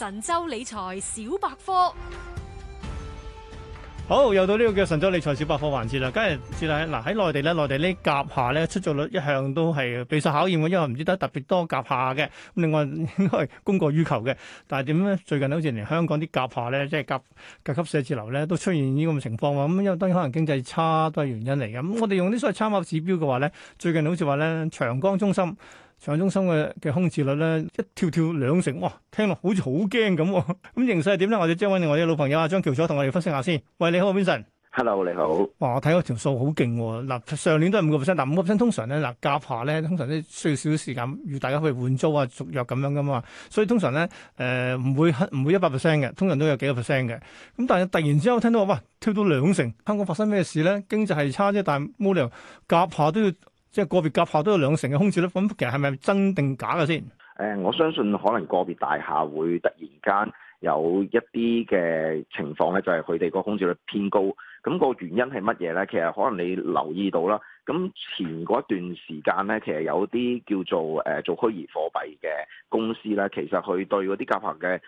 神州理財小百科，好，又到呢個叫神州理財小百科環節啦。梗係接下嗱，喺內地咧，內地呢甲廈咧空置率一向都係備受考驗嘅，因為唔知得特別多甲廈嘅。咁另外應該係供過於求嘅，但係點咧？最近好似連香港啲甲廈咧，即係甲甲級寫字樓咧，都出現呢咁嘅情況啊。咁因為當然可能經濟差都係原因嚟嘅。咁、嗯、我哋用啲所謂參考指標嘅話咧，最近好似話咧長江中心。上中心嘅嘅空置率咧，一跳跳兩成，哇！聽落好似好驚咁。咁形勢係點咧？我哋將揾另外啲老朋友阿張翹楚同我哋分析下先。喂，你好 Vincent。Hello，你好。哇！我睇嗰條數好勁。嗱，上年都係五個 percent，嗱五個 percent 通常咧嗱夾下咧，通常都、啊、需要少少時間，與大家可以換租啊、續約咁樣噶嘛。所以通常咧，誒、呃、唔會唔會一百 percent 嘅，通常都有幾個 percent 嘅。咁但係突然之間聽到話哇，跳到兩成，香港發生咩事咧？經濟係差啫，但係冇理由夾下都要。即係個別甲廈都有兩成嘅空置率，咁其實係咪真定假嘅先？誒、欸，我相信可能個別大廈會突然間。有一啲嘅情況咧，就係佢哋個空置率偏高，咁、那個原因係乜嘢咧？其實可能你留意到啦，咁前嗰段時間咧，其實有啲叫做誒、呃、做虛擬貨幣嘅公司啦，其實佢對嗰啲甲廈嘅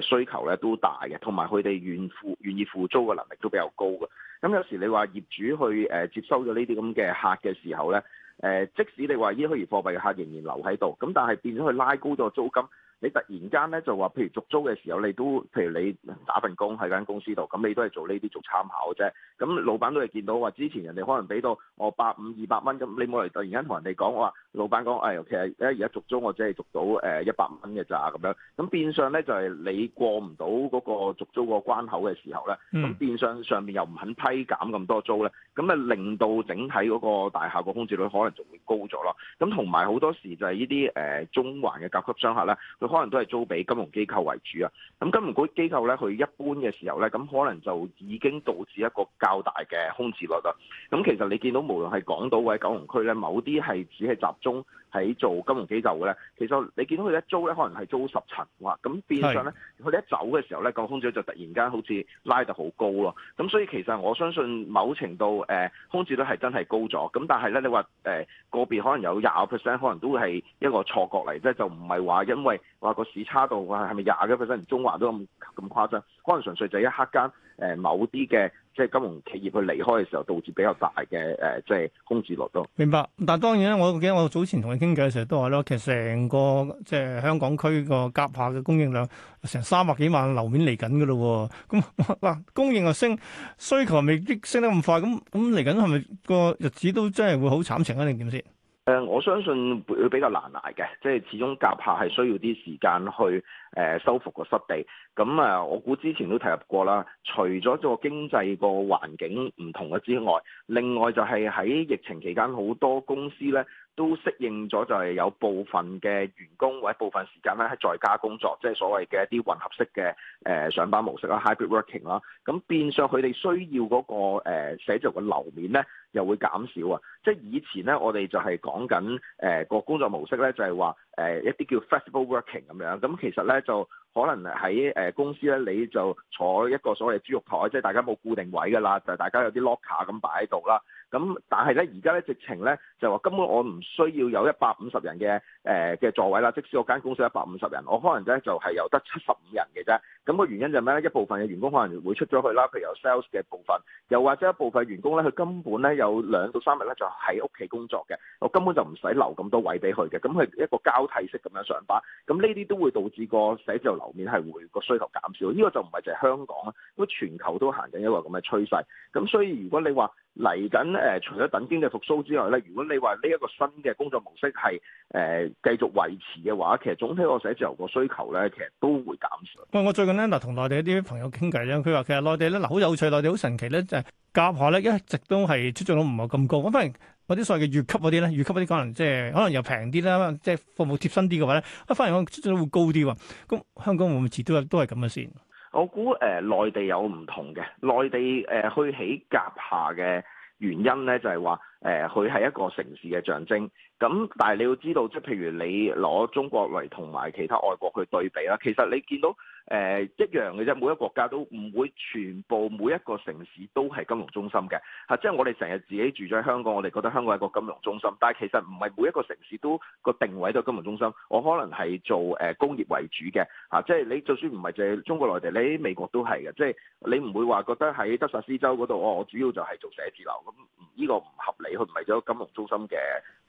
誒需求咧都大嘅，同埋佢哋願付願意付租嘅能力都比較高嘅。咁有時你話業主去誒、呃、接收咗呢啲咁嘅客嘅時候咧，誒、呃、即使你話呢虛擬貨幣嘅客仍然留喺度，咁但係變咗佢拉高咗租金。你突然間咧就話，譬如續租嘅時候，你都譬如你打份工喺間公司度，咁你都係做呢啲做參考嘅啫。咁老闆都係見到話，之前人哋可能俾到我百五二百蚊，咁你冇嚟突然間同人哋講，我話老闆講，誒、哎、其實而家而家續租我只係續到誒一百五蚊嘅咋咁樣。咁變相咧就係、是、你過唔到嗰個續租個關口嘅時候咧，咁變相上面又唔肯批減咁多租咧，咁啊令到整體嗰個大廈個空置率可能仲會高咗咯。咁同埋好多時就係呢啲誒中環嘅甲級商客咧。可能都係租俾金融機構為主啊，咁金融機構咧，佢一般嘅時候咧，咁可能就已經導致一個較大嘅空置率啦。咁其實你見到無論係港島或者九龍區咧，某啲係只係集中喺做金融機構嘅咧，其實你見到佢一租咧，可能係租十層哇，咁變相咧，佢是一走嘅時候咧，個空置率就突然間好似拉得好高咯。咁所以其實我相信某程度誒、呃，空置率係真係高咗。咁但係咧，你話誒、呃、個別可能有廿五 percent，可能都會係一個錯覺嚟啫，就唔係話因為話個市差度啊，係咪廿幾 percent 連中華都咁咁誇張？可能純粹就一刻間。誒，某啲嘅即係金融企業去離開嘅時候，導致比較大嘅誒，即係空置率咯。明白。但係當然啦，我記得我早前同你傾偈嘅時候都話咯，其實成個即係、就是、香港區個甲廈嘅供應量成三百幾萬樓面嚟緊㗎咯。咁、嗯、嗱， 供應又升，需求未必升得咁快，咁咁嚟緊係咪個日子都真係會好慘情呀？定點先？誒，我相信會比較難捱嘅，即係始終夾下係需要啲時間去誒修、呃、復個失地。咁啊，我估之前都提及過啦，除咗個經濟個環境唔同嘅之外，另外就係喺疫情期間好多公司咧。都適應咗，就係有部分嘅員工或者部分時間咧喺在家工作，即、就、係、是、所謂嘅一啲混合式嘅誒、呃、上班模式啦，hybrid working 啦。咁變相佢哋需要嗰、那個誒、呃、寫字樓嘅樓面咧，又會減少啊！即係以前咧，我哋就係講緊誒個工作模式咧，就係話誒一啲叫 flexible working 咁樣。咁其實咧就可能喺誒公司咧，你就坐一個所謂嘅豬肉台，即係大家冇固定位噶啦，就是、大家有啲 locker 咁擺喺度啦。咁但係咧，而家咧直情咧就係話根本我唔需要有一百五十人嘅誒嘅座位啦。即使我間公司一百五十人，我可能咧就係由得七十五人嘅啫。咁個原因就係咩咧？一部分嘅員工可能會出咗去啦，譬如由 sales 嘅部分，又或者一部分員工咧，佢根本咧有兩到三日咧就喺屋企工作嘅，我根本就唔使留咁多位俾佢嘅。咁佢一個交替式咁樣上班。咁呢啲都會導致個寫字樓面係會個需求減少。呢個就唔係就係香港啦，咁全球都行緊一個咁嘅趨勢。咁所以如果你話，嚟緊誒，除咗等經濟復甦之外咧，如果你話呢一個新嘅工作模式係誒、呃、繼續維持嘅話，其實總體我寫字樓個需求咧，其實都會減少。喂，我最近咧嗱，同內地啲朋友傾偈咧，佢話其實內地咧嗱，好有趣，內地好神奇咧，就係甲廈咧一直都係出租率唔係咁高。我反而我啲所謂嘅乙級嗰啲咧，乙級嗰啲可能即、就、係、是、可能又平啲啦，即係服務貼身啲嘅話咧，一反而我出租率會高啲喎。咁香港會唔會遲都都係咁嘅先？我估誒、呃、內地有唔同嘅，內地誒、呃、去起甲廈嘅原因咧，就係話。誒，佢係、呃、一個城市嘅象徵。咁，但係你要知道，即係譬如你攞中國嚟同埋其他外國去對比啦，其實你見到誒、呃、一樣嘅啫。每一個國家都唔會全部每一個城市都係金融中心嘅。嚇、啊，即係我哋成日自己住咗喺香港，我哋覺得香港係一個金融中心，但係其實唔係每一個城市都個定位都係金融中心。我可能係做誒、呃、工業為主嘅。嚇、啊，即係你就算唔係淨係中國內地，你喺美國都係嘅。即係你唔會話覺得喺德薩斯州嗰度，我、哦、我主要就係做寫字樓咁。嗯。呢個唔合理，佢唔係咗金融中心嘅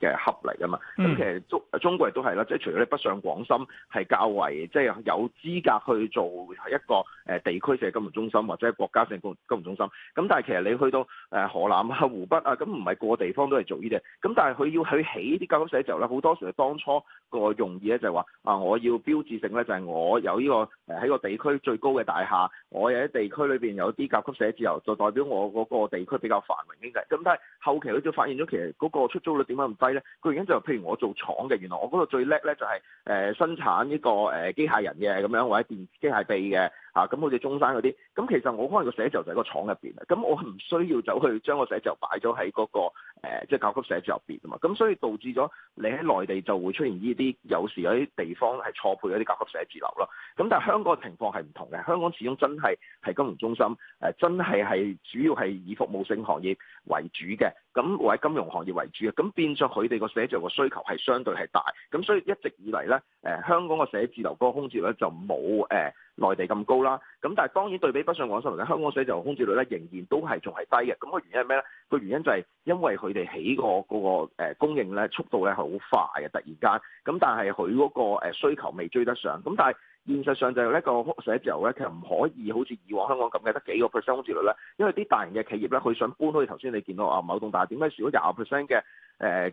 嘅合力噶嘛？咁、嗯、其實中中國人都係啦，即係除咗你北上廣深係較為即係、就是、有資格去做一個誒地區性金融中心或者國家性金融中心，咁但係其實你去到誒河南啊、湖北啊，咁唔係個個地方都係做呢、這、啲、個，咁但係佢要去起啲甲級寫字樓咧，好多時係當初個用意咧就係話啊，我要標誌性咧就係我有呢、這個誒喺個地區最高嘅大廈，我區裏有啲地區裏邊有啲甲級寫字樓，就代表我嗰個地區比較繁榮經濟。咁但係，後期佢就發現咗，其實嗰個出租率點解咁低咧？佢原因就係、譬如我做廠嘅，原來我嗰度最叻咧就係、係、誒、呃、生產呢個誒機、呃、械人嘅咁樣，或者電機械臂嘅。啊，咁好似中山嗰啲，咁其實我可能個寫字樓就喺個廠入邊啊，咁我唔需要走去將、那個寫字樓、呃、就擺咗喺嗰個即係甲級寫字樓入邊啊嘛，咁所以導致咗你喺內地就會出現呢啲有時有啲地方係錯配一啲甲級寫字樓咯，咁但係香港嘅情況係唔同嘅，香港始終真係係金融中心，誒、呃、真係係主要係以服務性行業為主嘅，咁或者金融行業為主嘅，咁變咗佢哋個寫字樓嘅需求係相對係大，咁所以一直以嚟咧，誒、呃、香港個寫字樓嗰個空置率就冇誒。呃內地咁高啦，咁但係當然對比不上廣州啦，香港水就空置率咧仍然都係仲係低嘅。咁個原因係咩咧？個原因就係因為佢哋起個嗰個誒供應咧速度咧係好快嘅，突然間，咁但係佢嗰個誒需求未追得上，咁但係。現實上就係、是那個、呢個寫字樓咧，其實唔可以好似以往香港咁嘅得幾個 percent 空置率咧，因為啲大型嘅企業咧，佢想搬，好似頭先你見到啊某棟大點，點解少咗廿 percent 嘅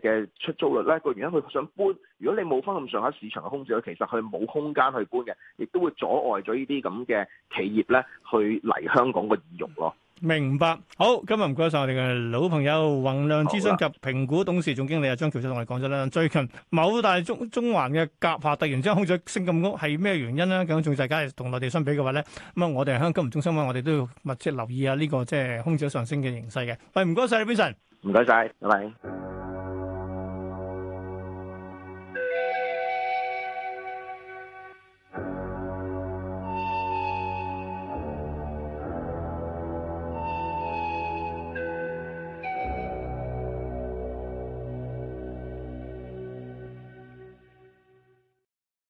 誒嘅出租率咧？個原因佢想搬，如果你冇翻咁上下市場嘅空置率，其實佢冇空間去搬嘅，亦都會阻礙咗呢啲咁嘅企業咧去嚟香港嘅移入咯。明白，好，今日唔該晒我哋嘅老朋友泓亮諮詢及評估董事總經理阿張翹楚同我哋講咗啦，最近某大中中環嘅甲廈突然之間空置率升咁高，係咩原因咧？咁仲大家同內地相比嘅話咧，咁啊，我哋喺香港金融中心咧，我哋都要密切留意下呢個即係空置率上升嘅形勢嘅。喂，唔該晒，Vincent，唔該晒，拜拜。